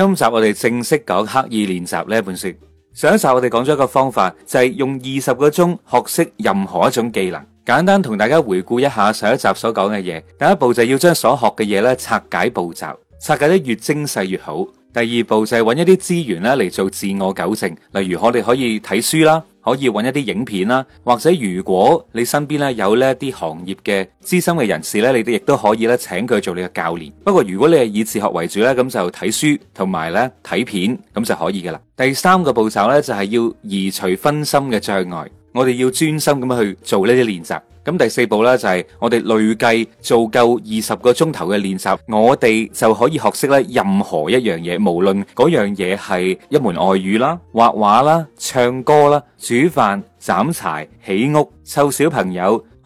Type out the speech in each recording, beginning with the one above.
今集我哋正式講刻意練習呢本書。上一集我哋講咗一個方法，就係用二十個鐘學識任何一種技能。簡單同大家回顧一下上一集所講嘅嘢。第一步就要將所學嘅嘢咧拆解步驟，拆解得越精細越好。第二步就係揾一啲資源咧嚟做自我糾正，例如我哋可以睇書啦，可以揾一啲影片啦，或者如果你身邊咧有呢一啲行業嘅資深嘅人士咧，你哋亦都可以咧請佢做你嘅教練。不過如果你係以自學為主咧，咁就睇書同埋咧睇片咁就可以噶啦。第三個步驟咧就係要移除分心嘅障礙，我哋要專心咁去做呢啲練習。咁第四步咧，就係我哋累計做夠二十個鐘頭嘅練習，我哋就可以學識咧任何一樣嘢，無論嗰樣嘢係一門外語啦、畫畫啦、唱歌啦、煮飯、斬柴、起屋、湊小朋友。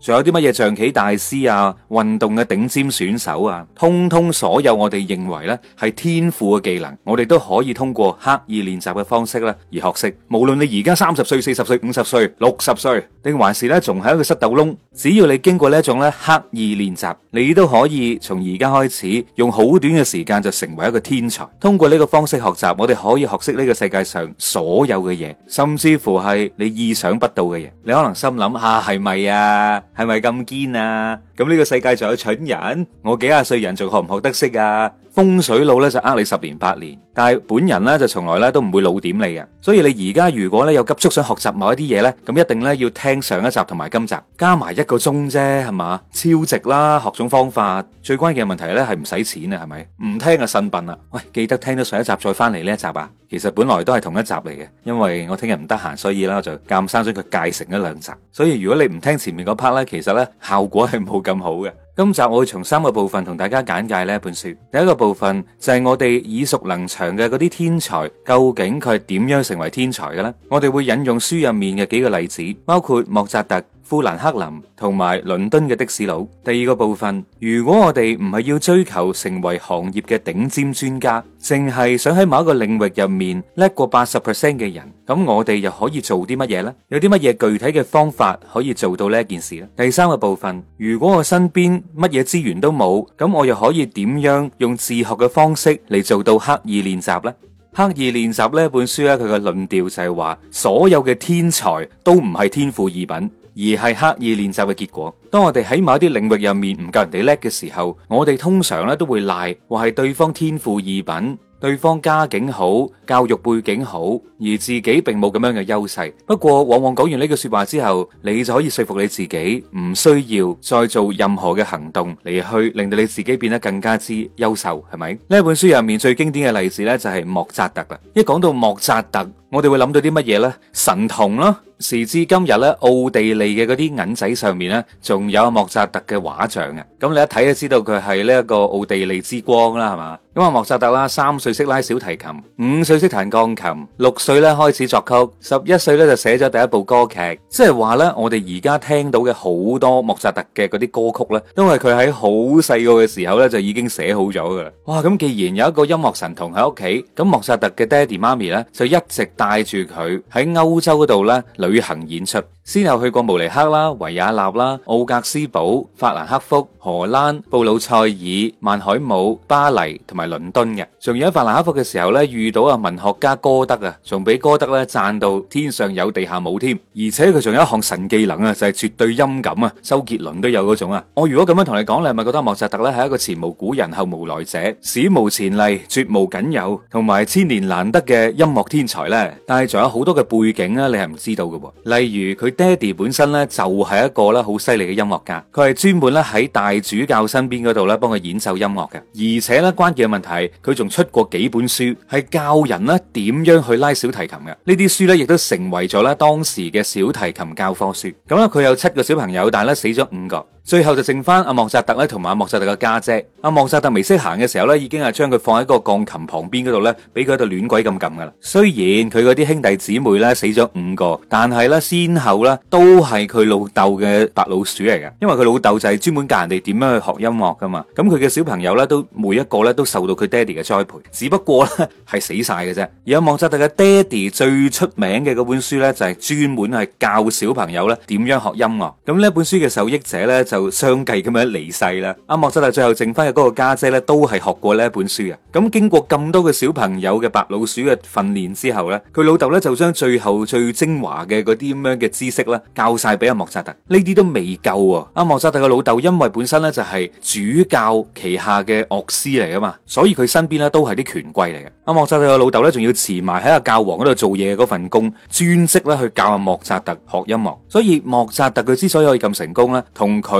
仲有啲乜嘢象棋大師啊、運動嘅頂尖選手啊，通通所有我哋認為呢係天賦嘅技能，我哋都可以通過刻意練習嘅方式呢而學識。無論你而家三十歲、四十歲、五十歲、六十歲，定還是呢，仲係一個塞豆窿，只要你經過呢一種呢刻意練習，你都可以從而家開始用好短嘅時間就成為一個天才。通過呢個方式學習，我哋可以學識呢個世界上所有嘅嘢，甚至乎係你意想不到嘅嘢。你可能心諗下係咪啊？係咪咁堅啊？咁呢個世界仲有蠢人？我幾廿歲人仲學唔學得識啊？風水佬咧就呃你十年八年。但係本人咧就從來咧都唔會老點你嘅，所以你而家如果咧有急速想學習某一啲嘢呢，咁一定咧要聽上一集同埋今集，加埋一個鐘啫，係嘛，超值啦！學種方法，啊，最關鍵嘅問題呢，係唔使錢啊，係咪？唔聽啊，神笨啊！喂，記得聽到上一集再翻嚟呢一集啊！其實本來都係同一集嚟嘅，因為我聽日唔得閒，所以我就咁刪咗佢介成一兩集。所以如果你唔聽前面嗰 part 呢，其實呢，效果係冇咁好嘅。今集我會從三個部分同大家簡介呢一本書。第一個部分就係我哋耳熟能詳。強嘅嗰啲天才，究竟佢係點樣成為天才嘅咧？我哋會引用書入面嘅幾個例子，包括莫扎特。富蘭克林同埋倫敦嘅的士佬。第二個部分，如果我哋唔係要追求成為行業嘅頂尖專家，淨係想喺某一個領域入面叻過八十 percent 嘅人，咁我哋又可以做啲乜嘢呢？有啲乜嘢具體嘅方法可以做到呢一件事呢？第三個部分，如果我身邊乜嘢資源都冇，咁我又可以點樣用自學嘅方式嚟做到刻意練習呢？刻意練習呢一本書咧，佢嘅論調就係話，所有嘅天才都唔係天賦異稟。而係刻意練習嘅結果。當我哋喺某一啲領域入面唔夠人哋叻嘅時候，我哋通常咧都會賴，話係對方天賦異稟，對方家境好，教育背景好，而自己並冇咁樣嘅優勢。不過往往講完呢句說話之後，你就可以說服你自己，唔需要再做任何嘅行動嚟去令到你自己變得更加之優秀，係咪？呢本書入面最經典嘅例子呢，就係莫扎特啦。一講到莫扎特。我哋會諗到啲乜嘢呢？神童啦，時至今日呢，奧地利嘅嗰啲銀仔上面呢，仲有莫扎特嘅畫像啊！咁你一睇就知道佢係呢一個奧地利之光啦，係嘛？咁阿莫扎特啦，三歲識拉小提琴，五歲識彈鋼琴，六歲咧開始作曲，十一歲咧就寫咗第一部歌劇。即係話呢，我哋而家聽到嘅好多莫扎特嘅嗰啲歌曲呢，都係佢喺好細個嘅時候呢就已經寫好咗噶啦。哇！咁既然有一個音樂神童喺屋企，咁莫扎特嘅爹哋媽咪呢，就一直。帶住佢喺歐洲嗰度咧旅行演出。先後去過慕尼黑啦、維也納啦、奧格斯堡、法蘭克福、荷蘭、布魯塞爾、曼海姆、巴黎同埋倫敦嘅。仲有喺法蘭克福嘅時候呢，遇到啊文學家歌德啊，仲俾歌德呢讚到天上有地下冇添。而且佢仲有一項神技能啊，就係絕對音感啊，周杰倫都有嗰種啊。我如果咁樣同你講，你係咪覺得莫扎特呢係一個前無古人後無來者、史無前例、絕無僅有同埋千年難得嘅音樂天才呢？但係仲有好多嘅背景啊，你係唔知道嘅，例如佢。爹哋本身咧就係一個咧好犀利嘅音樂家，佢係專門咧喺大主教身邊嗰度咧幫佢演奏音樂嘅，而且咧關鍵嘅問題，佢仲出過幾本書，係教人咧點樣去拉小提琴嘅。呢啲書咧亦都成為咗咧當時嘅小提琴教科書。咁咧佢有七個小朋友，但係咧死咗五個。最後就剩翻阿莫扎特咧，同埋阿莫扎特嘅家姐。阿莫扎特未識行嘅時候咧，已經係將佢放喺個鋼琴旁邊嗰度咧，俾佢喺度亂鬼咁撳噶啦。雖然佢嗰啲兄弟姊妹咧死咗五個，但係咧先後咧都係佢老豆嘅白老鼠嚟噶，因為佢老豆就係專門教人哋點樣去學音樂噶嘛。咁佢嘅小朋友咧，都每一個咧都受到佢爹哋嘅栽培。只不過咧係死晒嘅啫。而阿莫扎特嘅爹哋最出名嘅嗰本書咧，就係專門係教小朋友咧點樣學音樂。咁呢本書嘅受益者咧就。相繼咁樣離世啦，阿、啊、莫扎特最後剩翻嘅嗰個家姐咧，都係學過呢一本書嘅。咁、啊、經過咁多嘅小朋友嘅白老鼠嘅訓練之後咧，佢老豆咧就將最後最精華嘅嗰啲咁樣嘅知識咧教晒俾阿莫扎特。呢啲都未夠啊！阿、啊、莫扎特個老豆因為本身咧就係、是、主教旗下嘅樂師嚟㗎嘛，所以佢身邊咧都係啲權貴嚟嘅。阿、啊、莫扎特個老豆咧仲要辭埋喺阿教皇嗰度做嘢嗰份工，專職咧去教阿、啊、莫扎特學音樂。所以莫扎特佢之所以可以咁成功咧，同佢。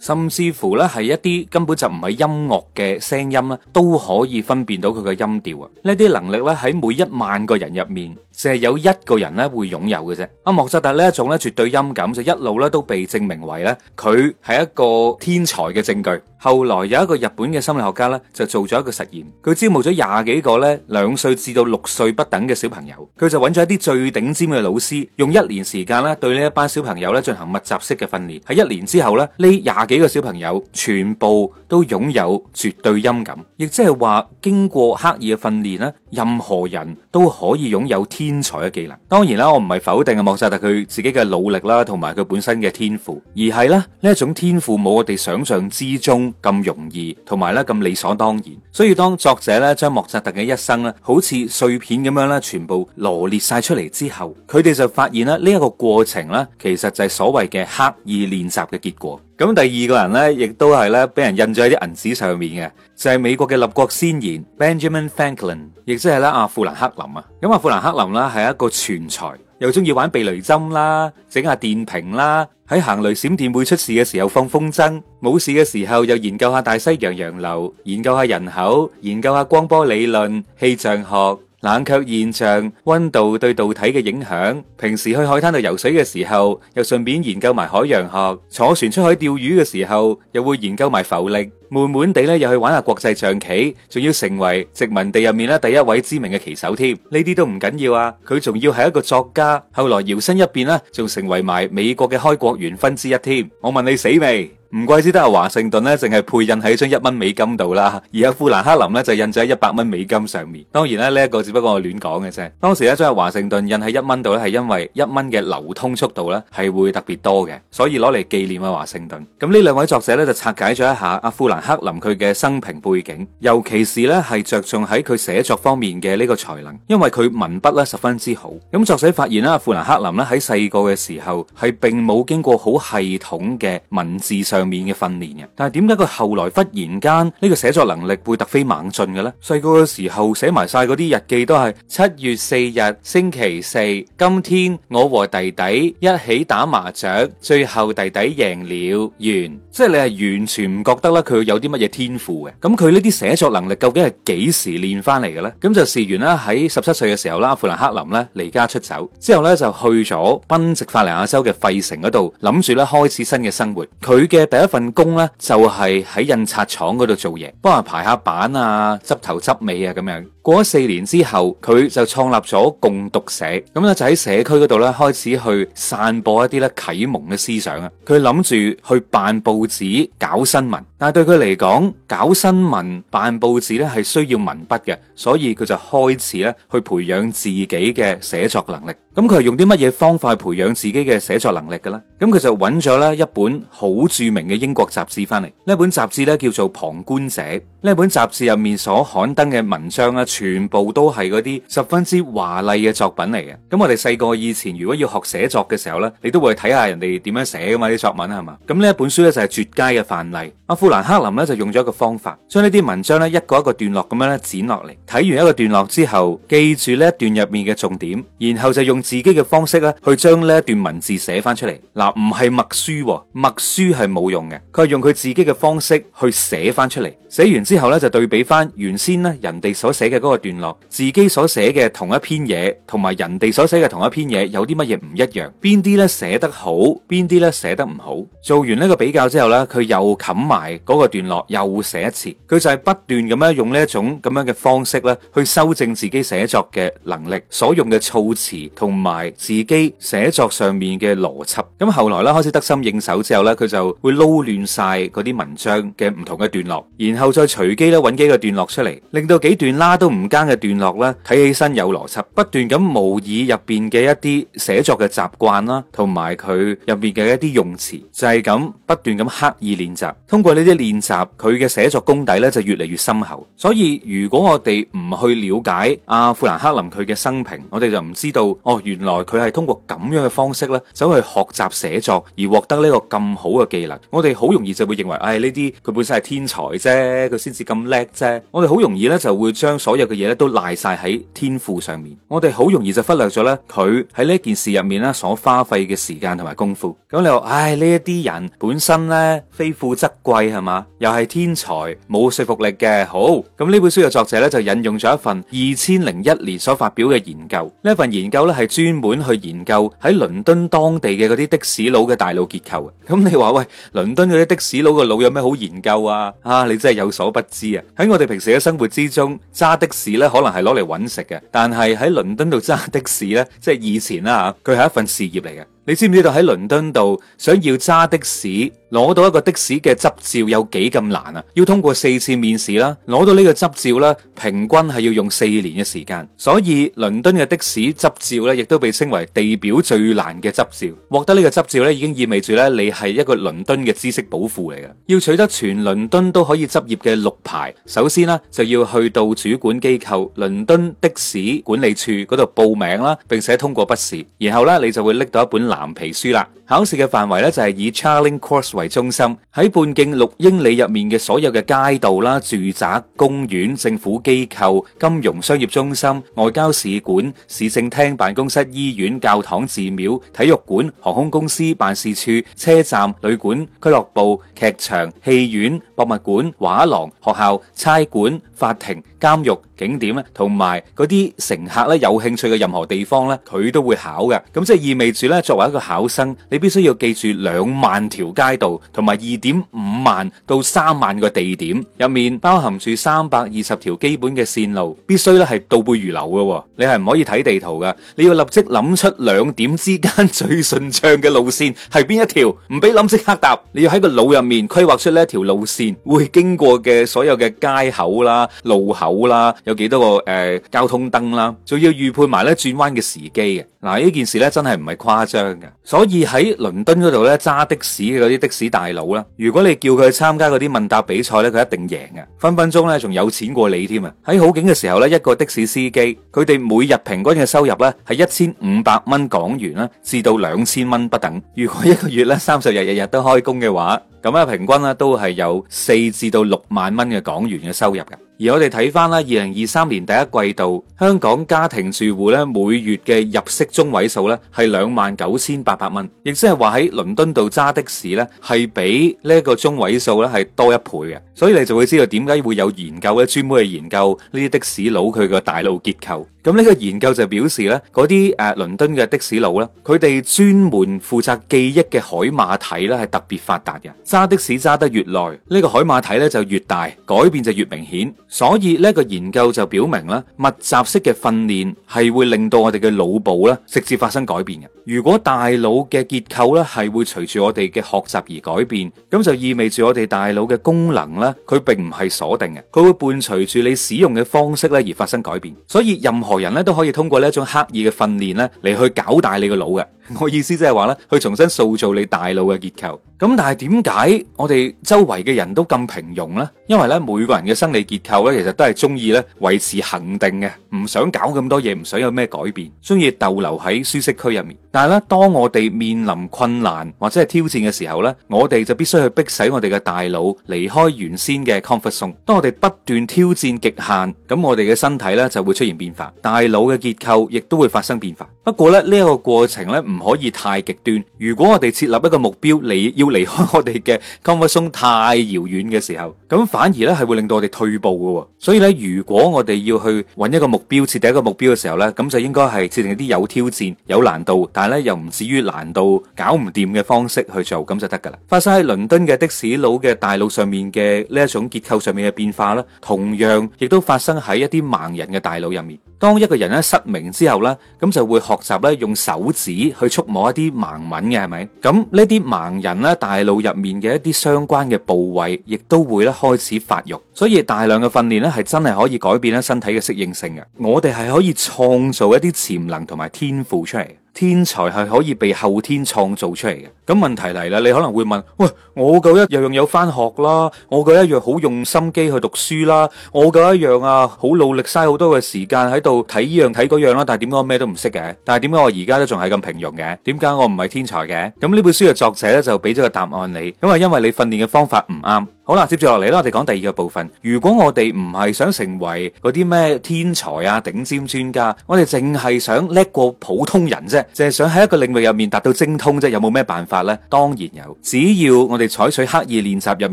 甚至乎咧，係一啲根本就唔係音樂嘅聲音咧，都可以分辨到佢嘅音調啊！呢啲能力咧，喺每一萬個人入面，淨係有一個人咧會擁有嘅啫。阿、啊、莫扎特呢一種咧，絕對音感就一路咧都被證明為咧，佢係一個天才嘅證據。後來有一個日本嘅心理學家咧，就做咗一個實驗。佢招募咗廿幾個咧兩歲至到六歲不等嘅小朋友，佢就揾咗一啲最頂尖嘅老師，用一年時間咧對呢一班小朋友咧進行密集式嘅訓練。喺一年之後咧，呢廿幾個小朋友全部都擁有絕對音感，亦即係話，經過刻意嘅訓練呢，任何人都可以擁有天才嘅技能。當然啦，我唔係否定阿莫扎特佢自己嘅努力啦，同埋佢本身嘅天賦，而係咧呢一種天賦冇我哋想象之中咁容易，同埋咧咁理所當然。所以當作者咧將莫扎特嘅一生咧，好似碎片咁樣咧，全部羅列晒出嚟之後，佢哋就發現咧呢一個過程咧，其實就係所謂嘅刻意練習嘅結果。咁第二個人咧，亦都係咧俾人印咗喺啲銀紙上面嘅，就係、是、美國嘅立國先賢。Benjamin Franklin，亦即係咧阿富蘭克林啊。咁阿富蘭克林啦，係一個全才。又中意玩避雷針啦，整下電瓶啦，喺行雷閃電會出事嘅時候放風箏，冇事嘅時候又研究下大西洋洋流，研究下人口，研究下光波理論、氣象學。冷卻現象、溫度對導體嘅影響。平時去海灘度游水嘅時候，又順便研究埋海洋學。坐船出海釣魚嘅時候，又會研究埋浮力。悶悶地咧，又去玩下國際象棋，仲要成為殖民地入面咧第一位知名嘅棋手添。呢啲都唔緊要啊，佢仲要係一個作家。後來搖身一變呢，仲成為埋美國嘅開國元勳之一添。我問你死未？唔怪之得阿華盛頓咧，淨係配印喺張一蚊美金度啦，而阿富蘭克林咧就印咗喺一百蚊美金上面。當然咧呢一個只不過我亂講嘅啫。當時咧將阿華盛頓印喺一蚊度咧，係因為一蚊嘅流通速度咧係會特別多嘅，所以攞嚟紀念阿華盛頓。咁呢兩位作者咧就拆解咗一下阿富蘭克林佢嘅生平背景，尤其是咧係着重喺佢寫作方面嘅呢個才能，因為佢文筆咧十分之好。咁作者發現啦，富蘭克林咧喺細個嘅時候係並冇經過好系統嘅文字上。上面嘅訓練嘅，但係點解佢後來忽然間呢個寫作能力會突飛猛進嘅咧？細個嘅時候寫埋晒嗰啲日記都係七月四日星期四，今天我和弟弟一起打麻雀，最後弟弟贏了，完，即係你係完全唔覺得咧佢有啲乜嘢天賦嘅。咁佢呢啲寫作能力究竟係幾時練翻嚟嘅咧？咁就事緣啦，喺十七歲嘅時候啦，富蘭克林咧離家出走之後咧就去咗賓夕法尼亞州嘅費城嗰度，諗住咧開始新嘅生活。佢嘅第一份工咧就係喺印刷廠嗰度做嘢，幫人排下版啊、執頭執尾啊咁樣。過咗四年之後，佢就創立咗共讀社，咁咧就喺社區嗰度咧開始去散播一啲咧啟蒙嘅思想啊！佢諗住去辦報紙、搞新聞，但係對佢嚟講，搞新聞、辦報紙咧係需要文筆嘅，所以佢就開始咧去培養自己嘅寫作能力。咁佢係用啲乜嘢方法去培養自己嘅寫作能力嘅咧？咁佢就揾咗咧一本好著名嘅英國雜誌翻嚟，呢本雜誌咧叫做《旁觀者》，呢本雜誌入面所刊登嘅文章咧。全部都係嗰啲十分之華麗嘅作品嚟嘅。咁我哋細個以前如果要學寫作嘅時候咧，你都會睇下人哋點樣寫噶嘛，啲作文係嘛？咁呢一本書咧就係絕佳嘅範例。阿富蘭克林咧就用咗一個方法，將呢啲文章咧一個一個段落咁樣咧剪落嚟。睇完一個段落之後，記住呢一段入面嘅重點，然後就用自己嘅方式咧去將呢一段文字寫翻出嚟。嗱，唔係默書，默書係冇用嘅。佢係用佢自己嘅方式去寫翻出嚟。寫完之後咧就對比翻原先咧人哋所寫嘅。個段落，自己所寫嘅同一篇嘢，同埋人哋所寫嘅同一篇嘢，有啲乜嘢唔一樣？邊啲咧寫得好？邊啲咧寫得唔好？做完呢個比較之後呢，佢又冚埋嗰個段落，又寫一次。佢就係不斷咁樣用呢一種咁樣嘅方式呢去修正自己寫作嘅能力，所用嘅措辭，同埋自己寫作上面嘅邏輯。咁後來呢，開始得心應手之後呢，佢就會撈亂晒嗰啲文章嘅唔同嘅段落，然後再隨機揾幾個段落出嚟，令到幾段啦都。唔間嘅段落咧，睇起身有邏輯，不斷咁模擬入邊嘅一啲寫作嘅習慣啦，同埋佢入邊嘅一啲用詞，就係咁不斷咁刻意練習。通過呢啲練習，佢嘅寫作功底咧就越嚟越深厚。所以如果我哋唔去了解阿富蘭克林佢嘅生平，我哋就唔知道哦，原來佢係通過咁樣嘅方式咧，走去學習寫作而獲得呢個咁好嘅技能。我哋好容易就會認為，唉，呢啲佢本身係天才啫，佢先至咁叻啫。我哋好容易咧就會將所有。嘅嘢咧都賴晒喺天賦上面，我哋好容易就忽略咗咧佢喺呢件事入面咧所花費嘅時間同埋功夫。咁你話，唉，呢一啲人本身咧非富則貴係嘛，又係天才冇說服力嘅。好，咁呢本書嘅作者咧就引用咗一份二千零一年所發表嘅研究，呢一份研究咧係專門去研究喺倫敦當地嘅嗰啲的士佬嘅大腦結構嘅。咁你話喂，倫敦嗰啲的士佬嘅腦有咩好研究啊？啊，你真係有所不知啊！喺我哋平時嘅生活之中揸的士咧可能係攞嚟揾食嘅，但係喺倫敦度揸的士咧，即係以前啦吓，佢係一份事業嚟嘅。你知唔知道喺倫敦度想要揸的士？攞到一個的士嘅執照有幾咁難啊？要通過四次面試啦，攞到呢個執照咧，平均係要用四年嘅時間。所以倫敦嘅的，的士執照咧，亦都被稱為地表最難嘅執照。獲得呢個執照咧，已經意味住咧你係一個倫敦嘅知識寶庫嚟嘅。要取得全倫敦都可以執業嘅綠牌，首先呢，就要去到主管機構倫敦的士管理處嗰度報名啦，並且通過筆試，然後咧你就會拎到一本藍皮書啦。考試嘅範圍咧就係、是、以 Charing Cross 為中心，喺半徑六英里入面嘅所有嘅街道啦、住宅、公園、政府機構、金融商業中心、外交使館、市政廳辦公室、醫院、教堂、寺廟、體育館、航空公司辦事處、車站、旅館、俱樂部、劇場、戲院、博物館、畫廊、學校、差館、法庭、監獄、景點咧，同埋嗰啲乘客咧有興趣嘅任何地方咧，佢都會考嘅。咁即係意味住咧，作為一個考生，你必須要記住兩萬條街道。同埋二點五萬到三萬個地點入面，包含住三百二十條基本嘅線路，必須咧係倒背如流嘅。你係唔可以睇地圖噶，你要立即諗出兩點之間最順暢嘅路線係邊一條，唔俾諗即刻答。你要喺個腦入面規劃出呢一條路線會經過嘅所有嘅街口啦、路口啦，有幾多個誒、呃、交通燈啦，仲要預判埋咧轉彎嘅時機嘅。嗱，呢件事咧真係唔係誇張嘅，所以喺倫敦嗰度咧揸的士嘅嗰啲的士大佬啦，如果你叫佢參加嗰啲問答比賽咧，佢一定贏嘅，分分鐘咧仲有錢過你添啊！喺好景嘅時候咧，一個的士司機佢哋每日平均嘅收入咧係一千五百蚊港元啦，至到兩千蚊不等。如果一個月咧三十日日日都開工嘅話，咁啊平均咧都係有四至到六萬蚊嘅港元嘅收入嘅。而我哋睇翻啦，二零二三年第一季度香港家庭住戶咧，每月嘅入息中位數咧係兩萬九千八百蚊，亦即係話喺倫敦度揸的士咧，係比呢一個中位數咧係多一倍嘅。所以你就會知道點解會有研究咧，專門去研究呢啲的士佬佢個大腦結構。咁呢個研究就表示咧，嗰啲誒倫敦嘅的士佬咧，佢哋專門負責記憶嘅海馬體咧係特別發達嘅。揸的士揸得越耐，呢個海馬體咧就越大，改變就越明顯。所以呢個研究就表明啦，密集式嘅訓練係會令到我哋嘅腦部咧直接發生改變嘅。如果大腦嘅結構咧係會隨住我哋嘅學習而改變，咁就意味住我哋大腦嘅功能咧，佢並唔係鎖定嘅，佢會伴隨住你使用嘅方式咧而發生改變。所以任何人咧都可以通過呢一種刻意嘅訓練咧嚟去搞大你個腦嘅。我意思即係話咧，去重新塑造你大腦嘅結構。咁但係點解我哋周圍嘅人都咁平庸呢？因為咧，每個人嘅生理結構咧，其實都係中意咧維持恆定嘅，唔想搞咁多嘢，唔想有咩改變，中意逗留喺舒適區入面。但係咧，當我哋面臨困難或者係挑戰嘅時候咧，我哋就必須去逼使我哋嘅大腦離開原先嘅 comfort zone。當我哋不斷挑戰極限，咁我哋嘅身體咧就會出現變化，大腦嘅結構亦都會發生變化。不過咧呢一個過程咧唔。可以太極端。如果我哋設立一個目標，你要離開我哋嘅 comfort zone 太遙遠嘅時候，咁反而呢係會令到我哋退步嘅。所以呢，如果我哋要去搵一個目標，設定一個目標嘅時候呢，咁就應該係設定啲有挑戰、有難度，但係呢又唔至於難度搞唔掂嘅方式去做，咁就得噶啦。發生喺倫敦嘅的士佬嘅大腦上面嘅呢一種結構上面嘅變化呢，同樣亦都發生喺一啲盲人嘅大腦入面。當一個人呢失明之後呢，咁就會學習咧用手指去。觸摸一啲盲文，嘅係咪？咁呢啲盲人咧，大腦入面嘅一啲相關嘅部位，亦都會咧開始發育。所以大量嘅訓練咧，係真係可以改變咧身體嘅適應性嘅。我哋係可以創造一啲潛能同埋天賦出嚟。天才係可以被後天創造出嚟嘅。咁問題嚟啦，你可能會問：喂，我夠一樣有翻學啦，我夠一樣好用心機去讀書啦，我夠一樣啊好努力嘥好多嘅時間喺度睇呢樣睇嗰樣啦，但係點解我咩都唔識嘅？但係點解我而家都仲係咁平庸嘅？點解我唔係天才嘅？咁呢本書嘅作者咧就俾咗個答案你，因為因為你訓練嘅方法唔啱。好啦，接住落嚟啦，我哋講第二個部分。如果我哋唔係想成為嗰啲咩天才啊、頂尖專家，我哋淨係想叻過普通人啫，淨係想喺一個領域入面達到精通啫，有冇咩辦法呢？當然有，只要我哋採取刻意練習入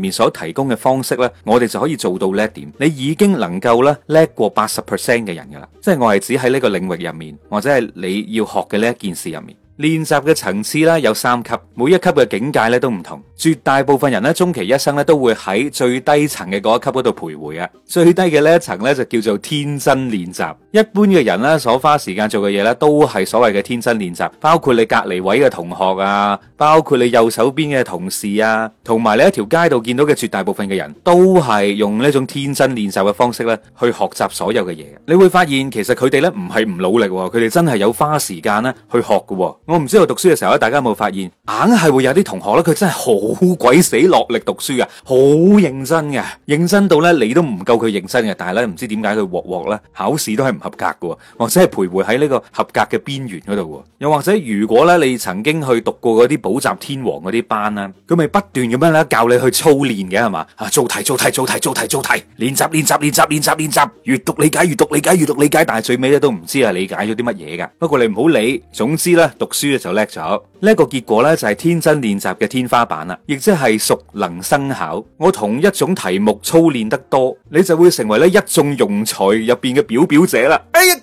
面所提供嘅方式咧，我哋就可以做到呢一點。你已經能夠咧叻過八十 percent 嘅人噶啦，即係我係指喺呢個領域入面，或者係你要學嘅呢一件事入面。練習嘅層次咧，有三級，每一級嘅境界咧都唔同。絕大部分人咧，終其一生咧都會喺最低層嘅嗰一級嗰度徘徊啊。最低嘅呢一層咧就叫做天真練習。一般嘅人咧所花時間做嘅嘢咧，都係所謂嘅天真練習，包括你隔籬位嘅同學啊，包括你右手邊嘅同事啊，同埋你一條街度見到嘅絕大部分嘅人，都係用呢種天真練習嘅方式咧去學習所有嘅嘢。你會發現其實佢哋咧唔係唔努力，佢哋真係有花時間咧去學嘅。我唔知道讀書嘅時候咧，大家有冇發現，硬係會有啲同學咧，佢真係好鬼死落力讀書噶，好認真嘅，認真到咧你都唔夠佢認真嘅。但係咧唔知點解佢鑊鑊咧，考試都係唔合格嘅，或者係徘徊喺呢個合格嘅邊緣嗰度。又或者如果咧你曾經去讀過嗰啲補習天王嗰啲班啦，佢咪不斷咁樣咧教你去操練嘅係嘛？啊，做題做題做題做題做題，練習練習練習練習練習，閱讀理解閱讀理解閱讀理解，但係最尾咧都唔知係理解咗啲乜嘢噶。不過你唔好理，總之咧讀。書就叻咗，呢一個結果咧就係天真練習嘅天花板啦，亦即係熟能生巧。我同一種題目操練得多，你就會成為咧一眾庸才入邊嘅表表者啦。哎呀！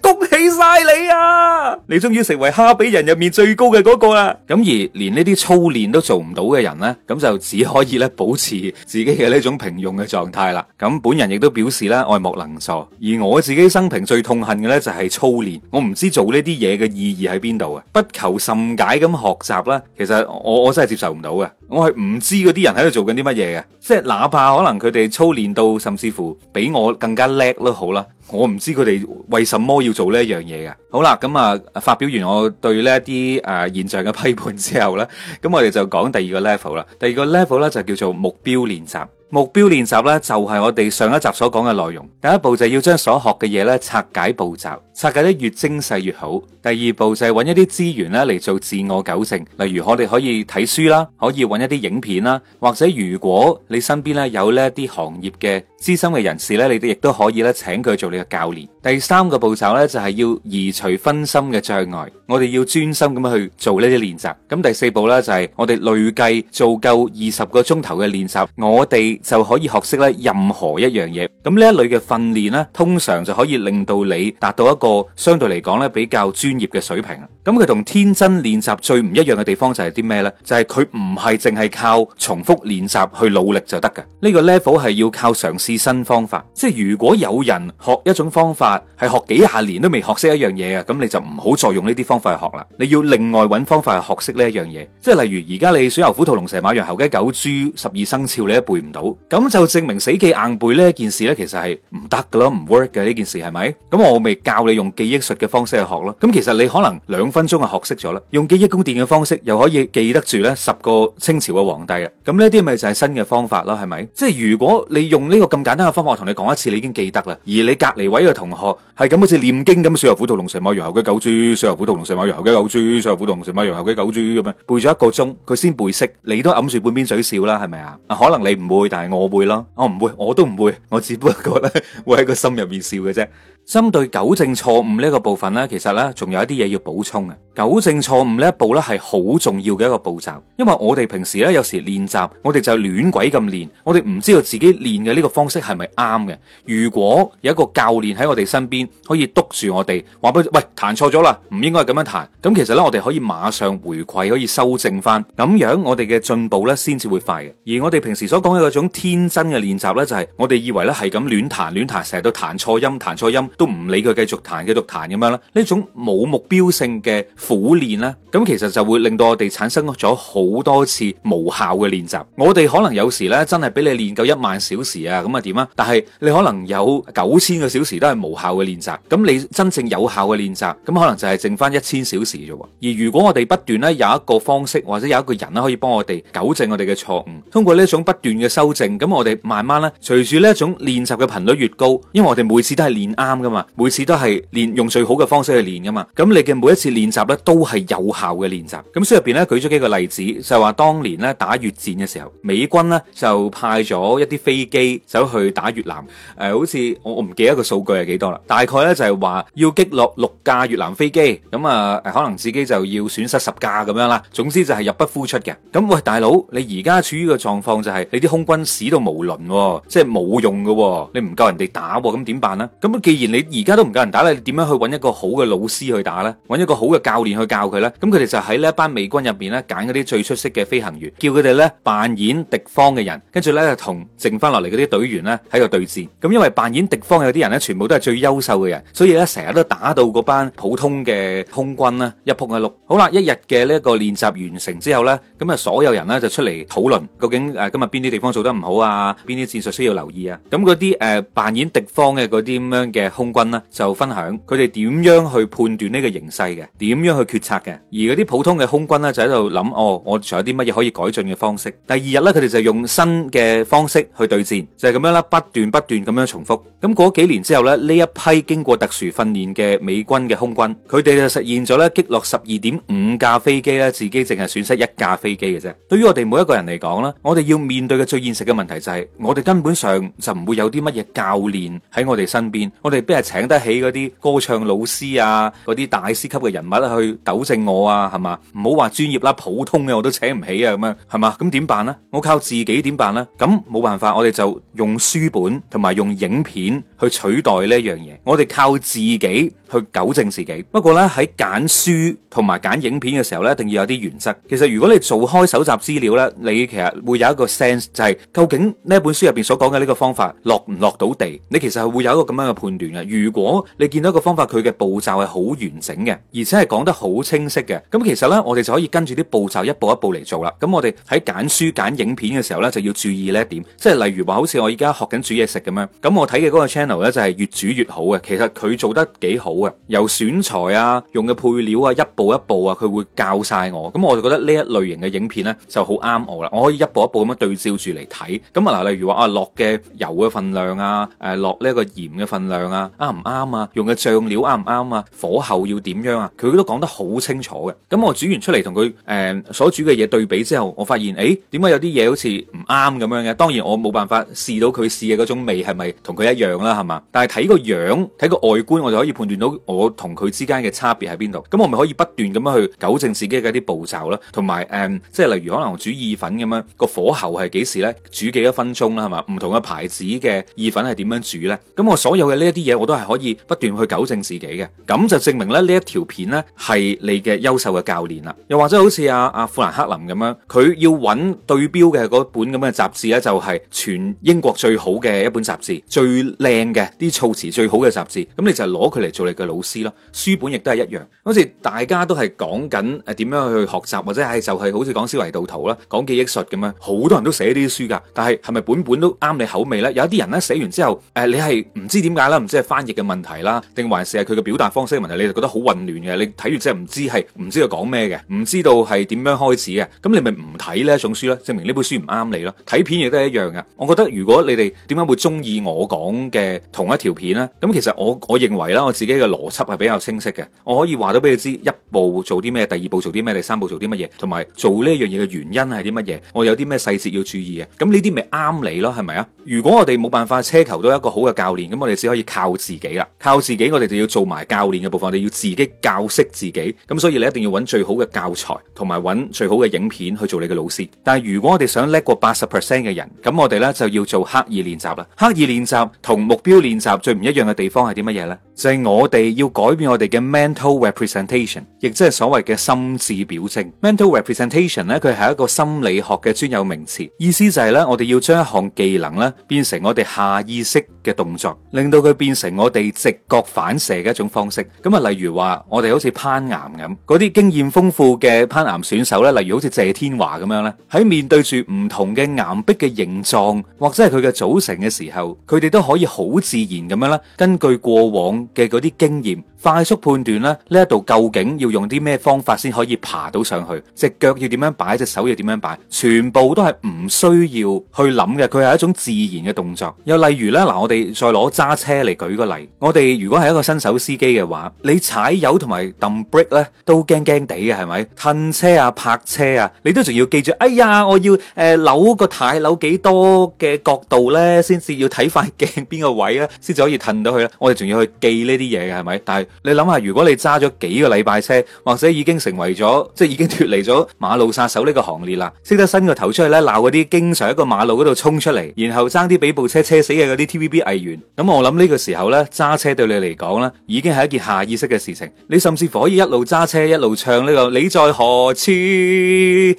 晒你啊！你終於成為哈比人入面最高嘅嗰個啦。咁而連呢啲操練都做唔到嘅人呢，咁就只可以咧保持自己嘅呢種平庸嘅狀態啦。咁本人亦都表示咧，愛莫能助。而我自己生平最痛恨嘅呢，就係、是、操練就係操練。我唔知做呢啲嘢嘅意義喺邊度啊！不求甚解咁學習啦，其實我我真係接受唔到嘅。我係唔知嗰啲人喺度做緊啲乜嘢嘅，即係哪怕可能佢哋操練到，甚至乎比我更加叻都好啦。我唔知佢哋為什麼要做呢一樣嘢嘅。好啦，咁啊，發表完我對呢一啲誒現象嘅批判之後呢，咁我哋就講第二個 level 啦。第二個 level 呢，就叫做目標練習。目標練習咧就係我哋上一集所講嘅內容。第一步就係要將所學嘅嘢咧拆解步驟，拆解得越精細越好。第二步就係揾一啲資源咧嚟做自我糾正，例如我哋可以睇書啦，可以揾一啲影片啦，或者如果你身邊咧有呢一啲行業嘅資深嘅人士咧，你哋亦都可以咧請佢做你嘅教練。第三個步驟咧就係要移除分心嘅障礙，我哋要專心咁去做呢啲練習。咁第四步咧就係我哋累計做夠二十個鐘頭嘅練習，我哋。就可以學識咧任何一樣嘢，咁呢一類嘅訓練咧，通常就可以令到你達到一個相對嚟講咧比較專業嘅水平。咁佢同天真練習最唔一樣嘅地方就係啲咩咧？就係佢唔係淨係靠重複練習去努力就得嘅，呢個 level 係要靠嘗試新方法。即係如果有人學一種方法係學幾下年都未學識一樣嘢啊，咁你就唔好再用呢啲方法去學啦。你要另外揾方法去學識呢一樣嘢。即係例如而家你鼠牛虎兔龍蛇馬羊猴雞狗豬十二生肖，你都背唔到。咁就證明死記硬背呢一件事呢，其實係唔得噶啦，唔 work 嘅呢件事係咪？咁我咪教你用記憶術嘅方式去學咯。咁其實你可能兩分鐘就學識咗啦，用記憶宮殿嘅方式又可以記得住呢十個清朝嘅皇帝啊。咁呢一啲咪就係新嘅方法咯，係咪？即係如果你用呢個咁簡單嘅方法同你講一次，你已經記得啦。而你隔籬位嘅同學係咁好似念經咁，鼠牛虎兔龍蛇馬羊猴雞狗豬，鼠牛虎兔龍蛇馬羊猴雞狗豬，鼠牛虎兔龍蛇馬羊猴雞狗豬咁樣背咗一個鐘，佢先背識，你都揞住半邊嘴笑啦，係咪啊？可能你唔會。但係我會咯，我、哦、唔會，我都唔會，我只不過咧會喺個心入邊笑嘅啫。針對糾正錯誤呢個部分呢，其實呢仲有一啲嘢要補充嘅。糾正錯誤呢一步呢係好重要嘅一個步驟，因為我哋平時呢，有時練習，我哋就亂鬼咁練，我哋唔知道自己練嘅呢個方式係咪啱嘅。如果有一個教練喺我哋身邊，可以督住我哋，話俾佢，喂，彈錯咗啦，唔應該咁樣彈。咁其實呢，我哋可以馬上回饋，可以修正翻。咁樣我哋嘅進步呢先至會快嘅。而我哋平時所講嘅嗰種天真嘅練習呢，就係我哋以為呢係咁亂彈亂彈，成日都彈錯音，彈錯音。都唔理佢繼續彈，繼續彈咁樣啦。呢種冇目標性嘅苦練咧，咁其實就會令到我哋產生咗好多次無效嘅練習。我哋可能有時呢，真係俾你練夠一萬小時啊，咁啊點啊？但係你可能有九千個小時都係無效嘅練習，咁你真正有效嘅練習，咁可能就係剩翻一千小時啫喎。而如果我哋不斷呢，有一個方式或者有一個人咧可以幫我哋糾正我哋嘅錯誤，通過呢種不斷嘅修正，咁我哋慢慢呢，隨住呢種練習嘅頻率越高，因為我哋每次都係練啱。嘛，每次都係練用最好嘅方式去練噶嘛，咁你嘅每一次練習呢，都係有效嘅練習。咁書入邊呢，舉咗幾個例子，就係、是、話當年呢打越戰嘅時候，美軍呢就派咗一啲飛機走去打越南，誒、呃，好似我我唔記得個數據係幾多啦，大概呢就係、是、話要擊落六架越南飛機，咁啊，可能自己就要損失十架咁樣啦。總之就係入不敷出嘅。咁喂，大佬，你而家處於個狀況就係、是、你啲空軍屎到無倫、哦，即係冇用噶、哦，你唔夠人哋打、哦，咁點辦呢？咁既然你而家都唔夠人打，你點樣去揾一個好嘅老師去打呢？揾一個好嘅教練去教佢呢？咁佢哋就喺呢一班美軍入面呢，揀嗰啲最出色嘅飛行員，叫佢哋呢扮演敵方嘅人，跟住呢同剩翻落嚟嗰啲隊員呢喺度對戰。咁因為扮演敵方有啲人呢，全部都係最優秀嘅人，所以呢，成日都打到嗰班普通嘅空軍呢一撲一碌。好啦，一日嘅呢個練習完成之後呢，咁啊所有人呢，就出嚟討論究竟誒今日邊啲地方做得唔好啊？邊啲戰術需要留意啊？咁嗰啲誒扮演敵方嘅嗰啲咁樣嘅空空軍呢，就分享佢哋點樣去判斷呢個形勢嘅，點樣去決策嘅。而嗰啲普通嘅空軍呢，就喺度諗哦，我仲有啲乜嘢可以改進嘅方式。第二日呢，佢哋就用新嘅方式去對戰，就係咁樣啦，不斷不斷咁樣重複。咁嗰幾年之後呢，呢一批經過特殊訓練嘅美軍嘅空軍，佢哋就實現咗呢，擊落十二點五架飛機呢，自己淨係損失一架飛機嘅啫。對於我哋每一個人嚟講啦，我哋要面對嘅最現實嘅問題就係，我哋根本上就唔會有啲乜嘢教練喺我哋身邊，我哋。邊係請得起嗰啲歌唱老師啊，嗰啲大師級嘅人物去糾正我啊，係嘛？唔好話專業啦，普通嘅我都請唔起啊，咁樣係嘛？咁點辦呢？我靠自己點辦呢？咁冇辦法，我哋就用書本同埋用影片去取代呢一樣嘢。我哋靠自己去糾正自己。不過呢，喺揀書同埋揀影片嘅時候呢，一定要有啲原則。其實如果你做開搜集資料呢，你其實會有一個 sense，就係究竟呢本書入邊所講嘅呢個方法落唔落到地？你其實係會有一個咁樣嘅判斷。如果你見到一個方法，佢嘅步驟係好完整嘅，而且係講得好清晰嘅，咁其實呢，我哋就可以跟住啲步驟一步一步嚟做啦。咁我哋喺揀書揀影片嘅時候呢，就要注意呢一點。即係例如話，好似我而家學緊煮嘢食咁樣，咁我睇嘅嗰個 channel 咧就係越煮越好嘅。其實佢做得幾好嘅，由選材啊、用嘅配料啊、一步一步啊，佢會教晒我。咁我就覺得呢一類型嘅影片呢，就好啱我啦。我可以一步一步咁樣對照住嚟睇。咁啊，嗱，例如話啊，落嘅油嘅份量啊，誒落呢一個鹽嘅份量啊。啱唔啱啊？用嘅醬料啱唔啱啊？火候要點樣啊？佢都講得好清楚嘅。咁我煮完出嚟同佢誒所煮嘅嘢對比之後，我發現誒，點解有啲嘢好似唔啱咁樣嘅。當然我冇辦法試到佢試嘅嗰種味係咪同佢一樣啦，係嘛？但係睇個樣，睇個外觀，我就可以判斷到我同佢之間嘅差別喺邊度。咁我咪可以不斷咁樣去糾正自己嘅啲步驟啦。同埋誒，即係例如可能我煮意粉咁樣，個火候係幾時呢？煮幾多分鐘啦，係嘛？唔同嘅牌子嘅意粉係點樣煮呢？咁我所有嘅呢啲嘢。我都係可以不斷去糾正自己嘅，咁就證明咧呢一條片呢係你嘅優秀嘅教練啦。又或者好似阿阿富蘭克林咁樣，佢要揾對標嘅嗰本咁嘅雜誌呢，就係、是、全英國最好嘅一本雜誌，最靚嘅啲措辭最好嘅雜誌。咁你就攞佢嚟做你嘅老師咯。書本亦都係一樣，好似大家都係講緊誒點樣去學習，或者係就係好似講思維導圖啦，講記憶術咁樣，好多人都寫呢啲書噶。但係係咪本本都啱你口味呢？有啲人呢，寫完之後，誒、啊、你係唔知點解啦，唔知係。翻譯嘅問題啦，定還是係佢嘅表達方式嘅問題，你就覺得好混亂嘅，你睇完即係唔知係唔知佢講咩嘅，唔知道係點樣開始嘅，咁你咪唔睇呢一種書咯，證明呢本書唔啱你咯。睇片亦都係一樣嘅。我覺得如果你哋點解會中意我講嘅同一條片呢？咁其實我我認為啦，我自己嘅邏輯係比較清晰嘅，我可以話到俾你知，一步做啲咩，第二步做啲咩，第三步做啲乜嘢，同埋做呢樣嘢嘅原因係啲乜嘢，我有啲咩細節要注意嘅，咁呢啲咪啱你咯，係咪啊？如果我哋冇辦法奢求到一個好嘅教練，咁我哋只可以靠自己啦。靠自己，我哋就要做埋教練嘅部分，我哋要自己教識自己。咁所以你一定要揾最好嘅教材，同埋揾最好嘅影片去做你嘅老師。但係如果我哋想叻過八十 percent 嘅人，咁我哋呢就要做刻意練習啦。刻意練習同目標練習最唔一樣嘅地方係啲乜嘢呢？就係我哋要改變我哋嘅 mental representation，亦即係所謂嘅心智表徵。mental representation 呢，佢係一個心理學嘅專有名詞，意思就係呢：我哋要將一項技能呢。變成我哋下意識嘅動作，令到佢變成我哋直覺反射嘅一種方式。咁啊，例如話我哋好似攀岩咁，嗰啲經驗豐富嘅攀岩選手呢，例如好似謝天華咁樣咧，喺面對住唔同嘅岩壁嘅形狀或者係佢嘅組成嘅時候，佢哋都可以好自然咁樣啦。根據過往嘅嗰啲經驗，快速判斷咧，呢一度究竟要用啲咩方法先可以爬到上去，隻腳要點樣擺，隻手要點樣擺，全部都係唔需要去諗嘅。佢係一種自然自然嘅動作，又例如咧嗱，我哋再攞揸車嚟舉個例，我哋如果係一個新手司機嘅話，你踩油同埋揼 brake 咧都驚驚地嘅係咪？褪車啊、泊車啊，你都仲要記住，哎呀，我要誒、呃、扭個軚扭，扭幾多嘅角度咧，先至要睇塊鏡邊個位啊，先至可以褪到去啦。我哋仲要去記呢啲嘢嘅係咪？但係你諗下，如果你揸咗幾個禮拜車，或者已經成為咗即係已經脫離咗馬路殺手呢個行列啦，識得伸個頭出去咧，鬧嗰啲經常喺個馬路嗰度衝出嚟，然後。爭啲俾部車車死嘅嗰啲 TVB 藝員，咁我諗呢個時候呢，揸車對你嚟講咧，已經係一件下意識嘅事情，你甚至乎可以一路揸車一路唱呢個你在何處，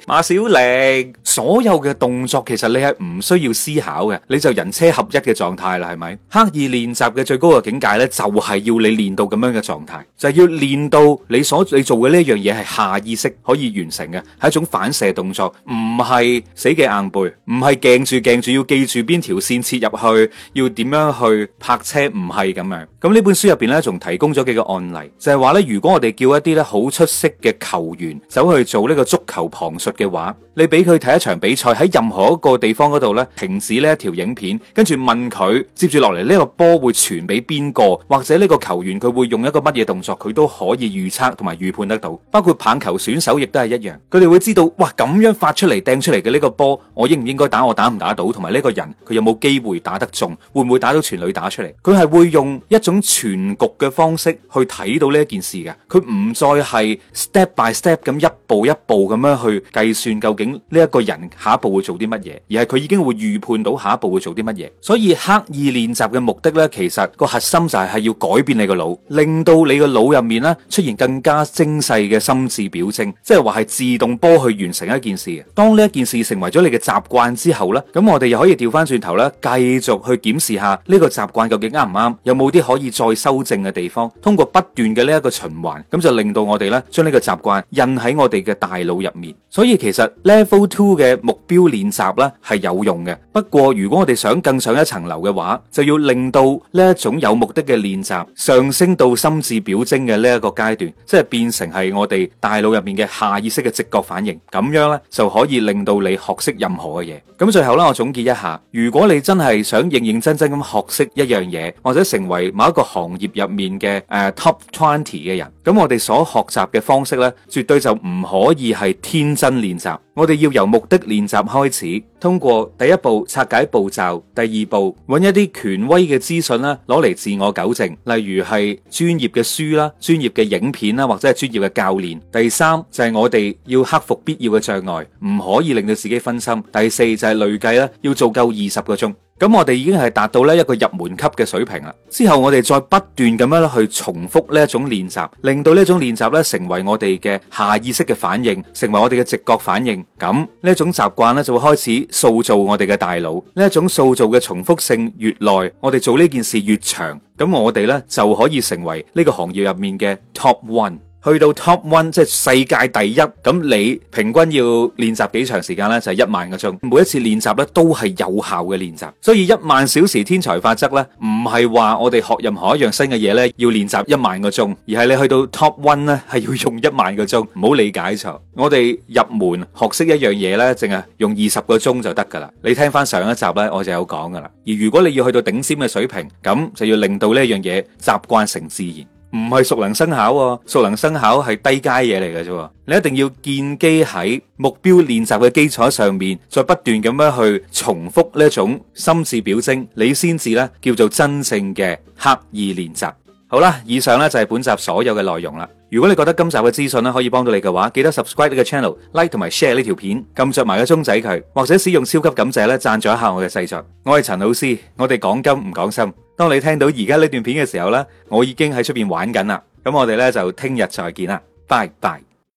馬小玲，所有嘅動作其實你係唔需要思考嘅，你就人車合一嘅狀態啦，係咪？刻意練習嘅最高嘅境界呢，就係要你練到咁樣嘅狀態，就係要練到你所你做嘅呢樣嘢係下意識可以完成嘅，係一種反射動作，唔係死嘅硬背，唔係鏡住鏡住要記住邊。條線切入去，要點樣去泊車？唔係咁樣。咁呢本書入邊呢，仲提供咗幾個案例，就係話呢：如果我哋叫一啲咧好出色嘅球員走去做呢個足球旁述嘅話，你俾佢睇一場比賽喺任何一個地方嗰度呢，停止呢一條影片，跟住問佢，接住落嚟，呢個波會傳俾邊個，或者呢個球員佢會用一個乜嘢動作，佢都可以預測同埋預判得到。包括棒球選手亦都係一樣，佢哋會知道哇，咁樣發出嚟掟出嚟嘅呢個波，我應唔應該打？我打唔打到？同埋呢個人有冇機會打得中？會唔會打到全壘打出嚟？佢係會用一種全局嘅方式去睇到呢一件事嘅。佢唔再係 step by step 咁一步一步咁樣去計算究竟呢一個人下一步會做啲乜嘢，而係佢已經會預判到下一步會做啲乜嘢。所以刻意練習嘅目的咧，其實個核心就係係要改變你個腦，令到你個腦入面咧出現更加精細嘅心智表徵，即係話係自動波去完成一件事嘅。當呢一件事成為咗你嘅習慣之後咧，咁我哋又可以調翻轉。轉頭咧，繼續去檢視下呢個習慣究竟啱唔啱，有冇啲可以再修正嘅地方。通過不斷嘅呢一個循環，咁就令到我哋咧將呢個習慣印喺我哋嘅大腦入面。所以其實 Level Two 嘅目標練習咧係有用嘅。不過如果我哋想更上一層樓嘅話，就要令到呢一種有目的嘅練習上升到心智表徵嘅呢一個階段，即係變成係我哋大腦入面嘅下意識嘅直覺反應。咁樣咧就可以令到你學識任何嘅嘢。咁最後咧，我總結一下，如果你真係想認認真真咁學識一樣嘢，或者成為某一個行業入面嘅誒、uh, top twenty 嘅人，咁我哋所學習嘅方式咧，絕對就唔可以係天真練習。我哋要由目的練習開始，通過第一步拆解步驟，第二步揾一啲權威嘅資訊啦，攞嚟自我糾正，例如係專業嘅書啦、專業嘅影片啦或者係專業嘅教練。第三就係我哋要克服必要嘅障礙，唔可以令到自己分心。第四就係累計啦，要做夠二十個鐘。咁我哋已經係達到呢一個入門級嘅水平啦。之後我哋再不斷咁樣去重複呢一種練習，令到呢一種練習呢成為我哋嘅下意識嘅反應，成為我哋嘅直覺反應。咁呢一種習慣呢就會開始塑造我哋嘅大腦。呢一種塑造嘅重複性越耐，我哋做呢件事越長，咁我哋呢就可以成為呢個行業入面嘅 Top One。去到 top one 即係世界第一，咁你平均要練習幾長時間呢？就係一萬個鐘。每一次練習呢都係有效嘅練習，所以一萬小時天才法則呢，唔係話我哋學任何一樣新嘅嘢呢要練習一萬個鐘，而係你去到 top one 呢，係要用一萬個鐘。唔好理解錯，我哋入門學識一樣嘢呢，淨係用二十個鐘就得噶啦。你聽翻上一集呢，我就有講噶啦。而如果你要去到頂尖嘅水平，咁就要令到呢一樣嘢習慣成自然。唔係熟能生巧，熟能生巧係低階嘢嚟嘅啫。你一定要建基喺目標練習嘅基礎上面，再不斷咁樣去重複呢一種心智表徵，你先至咧叫做真正嘅刻意練習。好啦，以上呢就係本集所有嘅內容啦。如果你覺得今集嘅資訊咧可以幫到你嘅話，記得 subscribe 你個 channel、like 同埋 share 呢條片，撳着埋個鐘仔佢，或者使用超級感謝呢贊助一下我嘅製作。我係陳老師，我哋講金唔講心。當你聽到而家呢段片嘅時候呢，我已經喺出邊玩緊啦。咁我哋呢就聽日再見啦，拜拜。